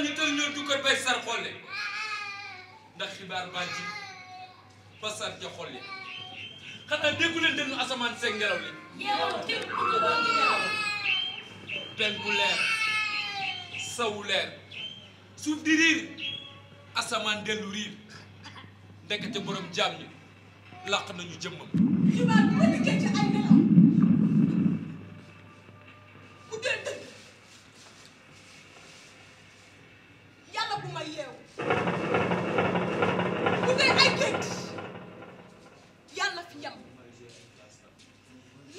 tan ni tan ñoo dukkal bay sar xolle ndax xibaar baa ji ba sar ja xolle xanaa déggu leen dënnu asamaan seen ngelaw li penku suuf di riir asamaan dellu riir ndekete borom jaam ñi làq nañu jëmmam yàgguma yeewu bu dee ay gént yàlla fi yam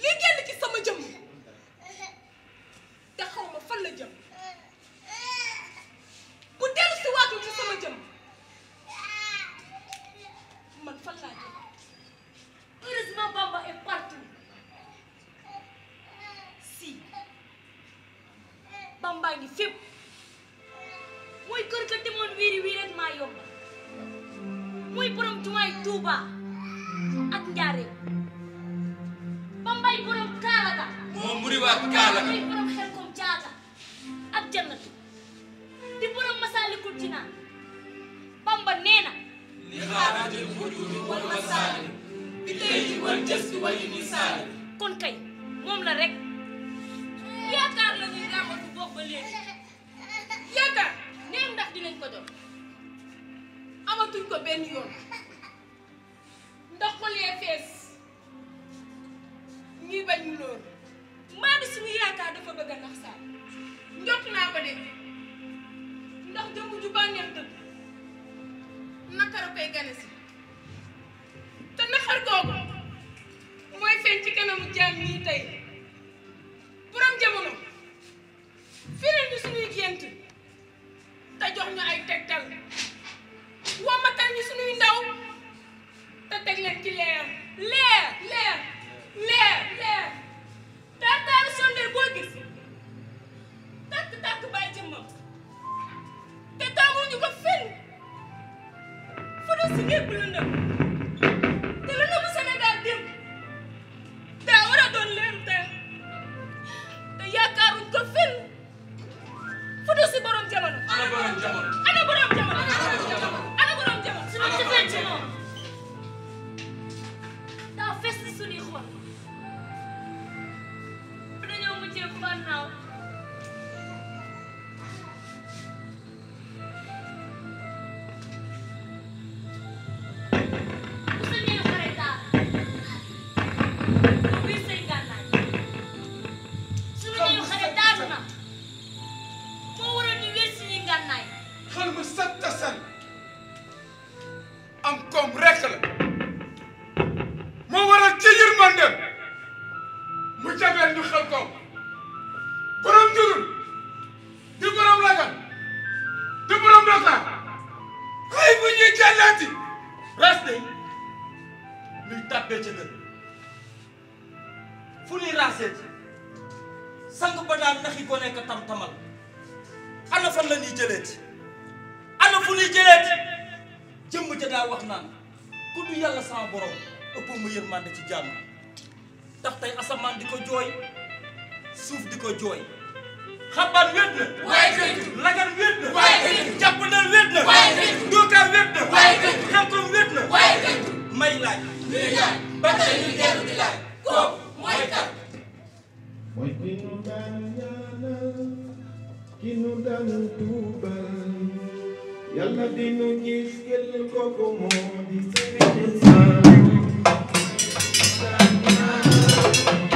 li génn ci sama jëm te ma fan la jëm bu dellu si waatul ci sama jëm man fan laa jëm heureusement Bamba est partout si Bamba ngi fépp mooy kër a demoon wiiri wiireet maa yomba muy borom jumaay Tuuba ak njaare ba mbay borom kaalaga moo muri waat kaalaga ak jannatu di borom masaalikul jinaan bamba nee na li xaaratil xujuuri wal masaali bi tey wal jësti wal misaali kon kay moom la rek yaakaar la ñuy raaxatu boobu ba léegi yaakaar néew ndax dinañ ko jox amatuñ ko benn yoon ndax xoolee fees ñuy bañ ñu lool maanaam suñu yaakaar dafa bëgg a nax saa njott naa ko de ndax jëmm ju bànneex dëgg nakara koy gane si te naxar googu mooy feeñ ci kanamu jaam yi tey. sinir assim é, bulundum. Illuminati ras nañ ñuy tàbbee ca dëkk fu ñuy raasee sang ba daan naxi ko nekk tam-tamal ana fan la ñuy jëlee ci ana fu ñuy jëlee ci jëmm ja daa wax naan ku du yàlla sama borom ëpp mu yërmande ci jàmm ndax tey asamaan di ko jooy suuf di ko jooy xabaar wéet na. waaye dëgg lagan wéet na. waaye dëgg jàppandal wéet na. waaye dëgg dootaar wéet na. waaye dëgg xelkom wéet na. waaye dëgg may laaj. luy laaj ba tey ñu dellu di laaj. kooku mooy kan. mooy ki nu daan ñaanal ki nu daan tuubal yàlla di nu gis gël kooku moo di sëriñ Saaliw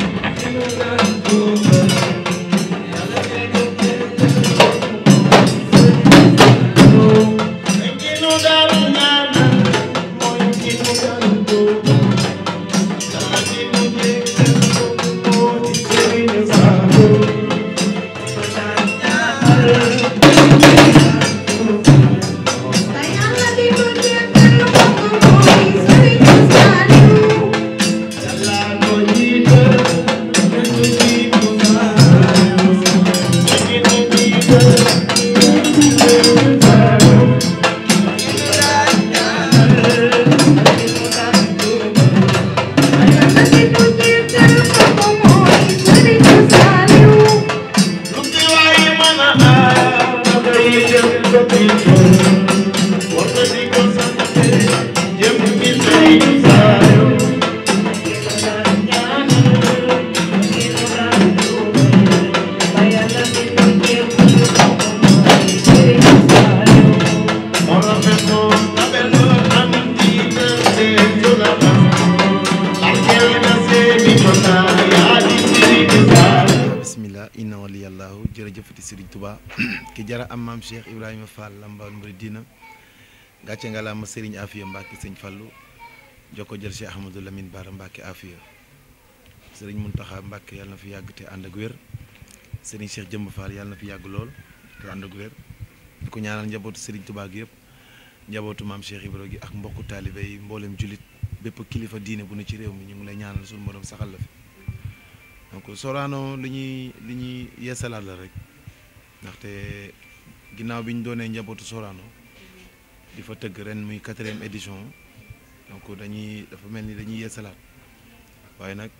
Medina gàcce ngala ma Serigne Afia Mbacke serigne Fallou joko jël Cheikh Ahmadou Lamine bar Mbacke Afia Serigne muntaha Mbacke yalna na fi yàgg te and ak wér Serigne Cheikh jëm Fall yàlla na fi yàgg lool te and ak wér di ko ñaanal njabootu Serigne Touba gi yëpp njabootu mam Cheikh ibro gi ak mbokku talibé yi mbolém julit bép kilifa diiné bu ne ci réew mi ñu ngi lay ñaanal suñu morom saxal la fi donc Sorano liñuy liñuy li la rek té ginnaaw bi ñu doonee njabootu Sorano di fa tëgg ren muy quatrième édition donc dañuy dafa mel ni dañuy yeesalaat waaye nag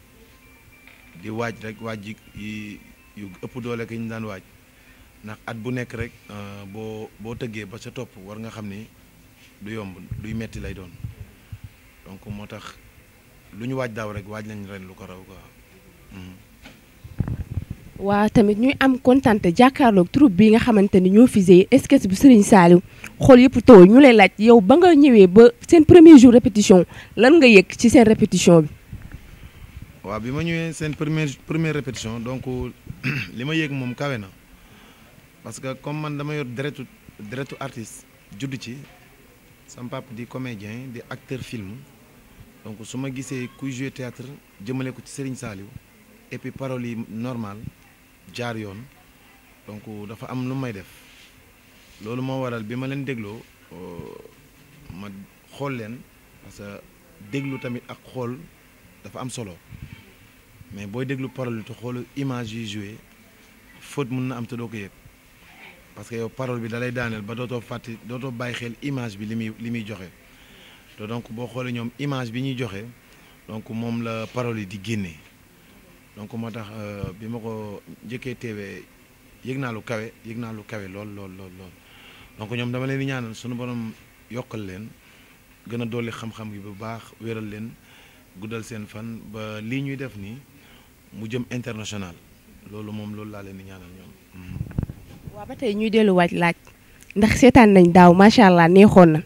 di waaj rek waaj yi yu ëpp doole ki ñu daan waaj ndax at bu nekk rek euh, boo boo tëggee ba sa topp war nga xam ni du yomb duy metti lay doon donc moo tax lu ñu waaj daaw rek waaj lañ ren lu ko raw quoi. Hmm. wa tamit ñuy am contente jàkkaarloog troupe bi nga xamante ni ñoo fisé eskes bu Serigne Saliou xool yëpp tooy ñu lay laaj yow ba nga ñëwee ba seen premier jour répétition lan nga yëg ci seen répétition bi. waaw bi ma ñëwee seen premier première répétition donc li ma yëg moom kawe na parce que comme man dama yor deretu deretu artiste judd ci sama papa di comédien di acteur film donc su ma gisee kuy jouer théâtre jëmale ko ci Serigne Saliou et puis parole yi normal jaar yoon donc dafa am lu may def loolu moo waral bi ma leen dégloo euh, ma xool leen parce que déglu tamit ak xool dafa am solo mais booy déglu parole yi te xoolu image yuy joué foot mun na am te doo ko yëg parce que yow parole bi dalay daaneel ba dootoo fàtte dootoo bàyyi xel image bi li muy li muy joxe te donc boo xoolee ñoom image bi ñuy joxe donc moom la parole yi di génnee. donc moo tax euh, bi ma ko njëkkee teewee yëg naa lu kawe yëg naa lu kawe lool lool lool lool donc ñoom dama leen di ñaanal suñu borom yokkal leen gën a doole xam-xam bu baax wéral leen guddal seen fan ba lii ñuy def nii mu jëm international loolu moom loolu laa leen di ñaanal ñoom. Mm-hmm. waaw ba tey ñuy delluwaat laaj ndax seetaan nañ daaw macha allah neexoon na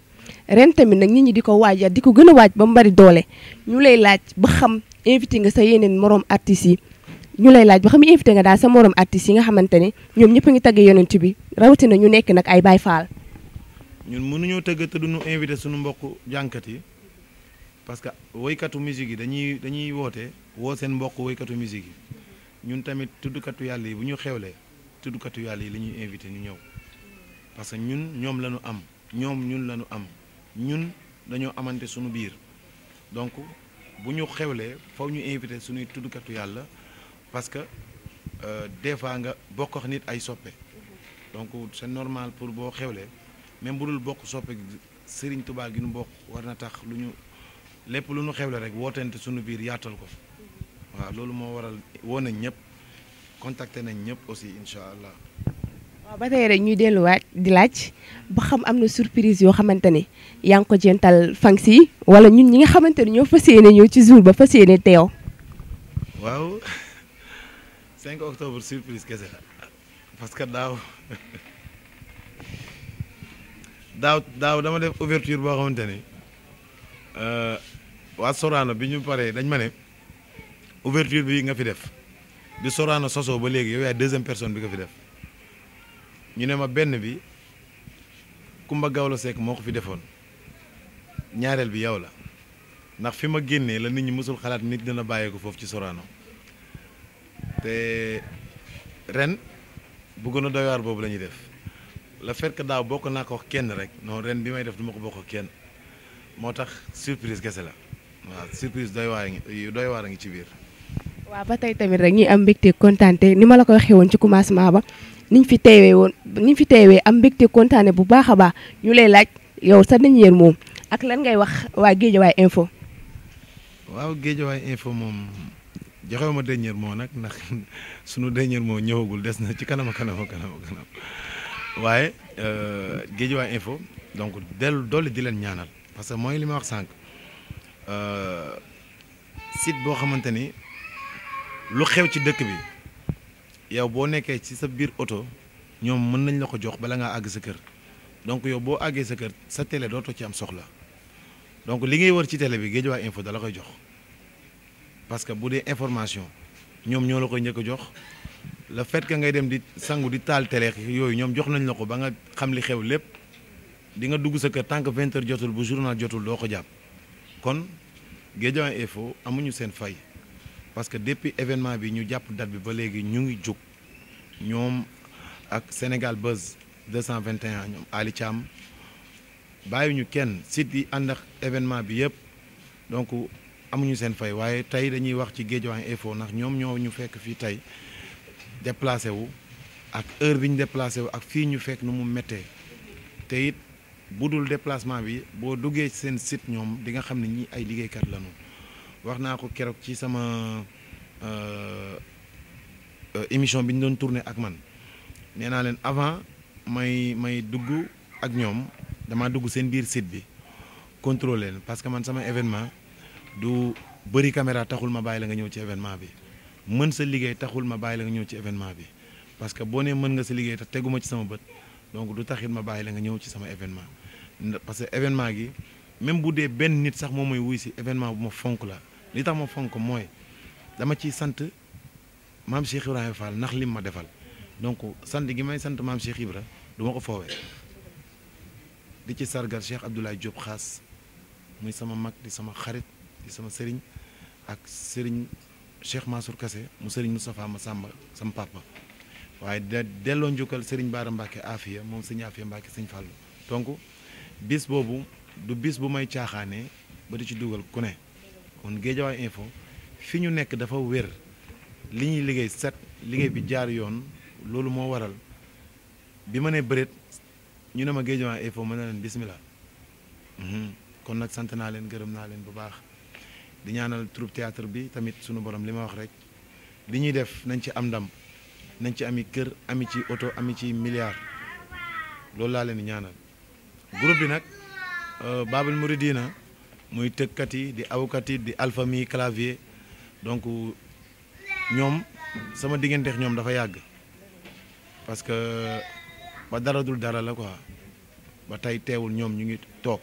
ren tamit nag nit ñi di ko waajal di ko gën a waaj ba mu bari doole ñu lay laaj ba xam. invité nga sa yeneen moroom artistes yi ñu lay laaj ba xam invité nga daal sa moroom artistes yi nga xamante ne ñoom ñëpp ñu ngi yeneen yonent bi rawatina ñu nekk nag ay Baay Faal. ñun mënuñoo tëgg te duñu invité suñu mbokku jànkat yi parce que woykatu musique yi dañuy dañuy woote woo seen mbokk woykatu musique yi ñun tamit tuddkatu yàlla yi bu ñu xewlee tuddkatu yàlla yi la ñuy invité ñu ñëw parce que ñun ñoom la ñu am ñoom ñun la ñu am ñun dañoo amante suñu biir Si nous faw ñu monde suñuy parce que euh, des fois nga donc c'est normal pour nous, nous, même bu dul bokk c'est Serigne Touba gi nous bokk war na tax lépp rek suñu biir yaatal ko waaw à waral ñëpp contacté aussi Inch'Allah. waaw ba tey rek ñuy delluwaat di laaj ba xam am na surprise yoo xamante ne yaa ngi ko jental fanks yi wala ñun ñi nga xamante ne ñoo fas yéene ñëw ci jour ba fas yéene teew. waaw 5 octobre surprise kese parce que daaw daaw dama def ouverture boo xamante ni euh, waa Sorano bi ñu paree dañ ma ne ouverture bi nga fi def bi Sorano sosoo ba léegi yow yaay deuxième personne bi nga fi def. ñu ne ma benn bi Kumba la Seck moo ko fi defoon ñaareel bi yow la ndax fi ma génnee la nit ñi mosul xalaat nit dina bàyyeeku foofu ci Sorano te ren bu gën a boobu la ñuy def la fait que daaw bokk naa ko kenn rek non ren bi may def duma ko bokk kenn moo tax surprise kese la waaw surprise doy waar ngi doy waar ngi ci biir. waaw ba tey tamit rek ñuy am mbégte kontaan ni ma la ko waxee woon ci commencement ba. niñ fi teewee woon niñ fi teewee am mbégte kontaane bu baax a baax ñu lay laaj yow sa dernier mot ak lan ngay wax waa Guédiawaye info. waaw Guédiawaye info moom joxewu ma dernier mot nag ndax sunu dernier mot ñëwagul des na ci kanam kanam kanam kanam waaye euh, Guédiawaye info donc dellu dolli di leen ñaanal parce que mooy li ma wax sànq euh, sit boo xamante ni lu xew ci dëkk bi. yow bo nekkee ci sa biir auto ñom mën nañ la ko jox bala nga àgg sa kër donc yow bo àggee sa kër sa télé doto ci am soxla donc li ngay wër ci télé bi Guédiawaye info da la koy jox parce que boudé information ñom ñoo la koy ñëk jox le fait que ngay dem di sangu di tal télé yoy ñom jox nañ la ko ba nga xam li xew lepp di nga dugg sa kër tank 20h heures jotul bu journal jotul doo ko jàpp kon Guédiawaye info amuñu sen fay parce que depuis événement bi ñu japp date bi ba légui ñu ngi juk ñom ak Sénégal Buzz 221 ñom Ali cham bayu ñu kenn site yi ànd ak événement bi yépp donc amuñu sen fay waye tay dañuy wax ci Guédiawaye info nak ñom ñoo ñu fekk fi tay déplacer wu ak heure bi ñu déplacé wu ak fi ñu fekk nu mu metté te it budul déplacement bi boo duggee sen site ñom di nga xamni ñi ay kat lañu wax naa ko keroog ci sama euh, euh, émission bi ñu doon tourné ak man nee naa leen avant may may dugg ak ñoom damaa dugg seen biir site bi contrôlé leen parce que man sama événement du bari caméra taxul ma bàyyi la nga ñëw ci événement bi mën sa liggéey taxul ma bàyyi la ñëw ci événement bi parce que boo nee mën nga sa liggéey tax teguma ci sama bët donc du taxit ma bàyyi la nga ñëw ci sama événement parce que événement gi même bu dee benn nit sax moom mooy wuy si événement bu ma fonk la li tax ma fonk mooy dama ciy sant maam Cheikh Ibrahima Fall ndax lim ma defal donc sant gi may sant maam Cheikh Ibra du ma ko foowee di ci sargal Cheikh Abdoulaye Diop xaas muy sama mag di sama xarit di sama sëriñ ak sëriñ Cheikh Mansour Kassé mu sëriñ Moustapha Massamba sama papa waaye da delloo njukkal sëriñ Baara Mbacke Afia moom sëñ Afia Mbacke sëñ Fallou donc bis boobu du bis bu may caaxaanee ba di ci dugal ku ne. on Guédiawaye info fi ñu nekk dafa wér li ñuy liggéey set liggéey bi jaar yoon loolu moo waral bi ma nee bëreet ñu ne ma Guédiawaye info mën na leen bismillah mhm. kon nag sant naa leen gërëm naa leen bu baax di ñaanal troupe théâtre bi tamit sunu borom li ma wax rek li ñuy def nañ ci am ndam nañ ci ami kër ami ci oto ami ci milliard loolu laa leen di ñaanal groupe bi nag euh, Babul Mouridina muy tëkkat yi di awkat yi di alfami clavier donc ñoom sama digganteex ñoom dafa yàgg parce que ba dara dul dara la quoi ba tey teewul ñoom ñu ngi toog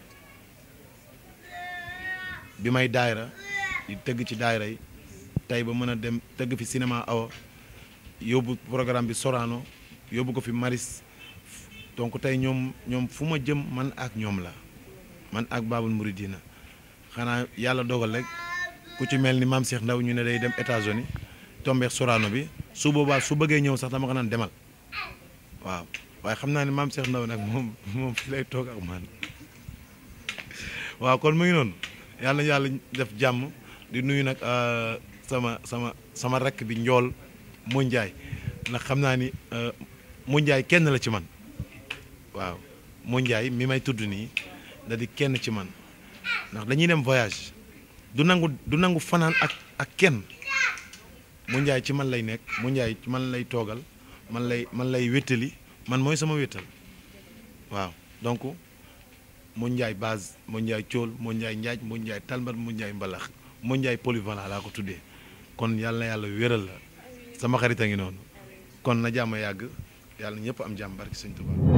bi may daayra di tëgg ci daayra yi tey ba mën a dem tëgg fi cinéma awa yóbbu programme bi soraano yóbbu ko fi Maris donc tey ñoom ñoom fu ma jëm man ak ñoom la man ak Babul Mouridina xanaa yàlla dogal rek ku ci mel ni maam Cheikh Ndaw ñu ne day dem États-Unis tombeex Sorano bi su boobaa su bëggee ñëw sax dama ko naan demal waaw waaye xam naa ni maam Cheikh Ndaw nag moom moom fi lay toog ak man waaw kon mu ngi yàlla yàlla def jàmm di nuyu nag euh, sama sama sama rakk bi njool Moundiaye ndax xam naa ni euh, Moundiaye kenn la ci man waaw Moundiaye mi may tudd nii da kenn ci man ndax dañuy dem voyage du nangu du nangu fanaan ak ak kenn mu njaay ci man lay nekk mu njaay ci man lay toogal man lay man lay wéttali man mooy sama wéttal waaw donc mu njaay base mu njaay cool mu njaay njaaj mu njaay talmbat mu njaay mbalax mu njaay polyvalent laa ko tuddee kon yàlla yàlla wéral la sama xarit a ngi noonu kon na jàmm yàgg yàlla ñëpp am jàmm barki sëñ Tuubaa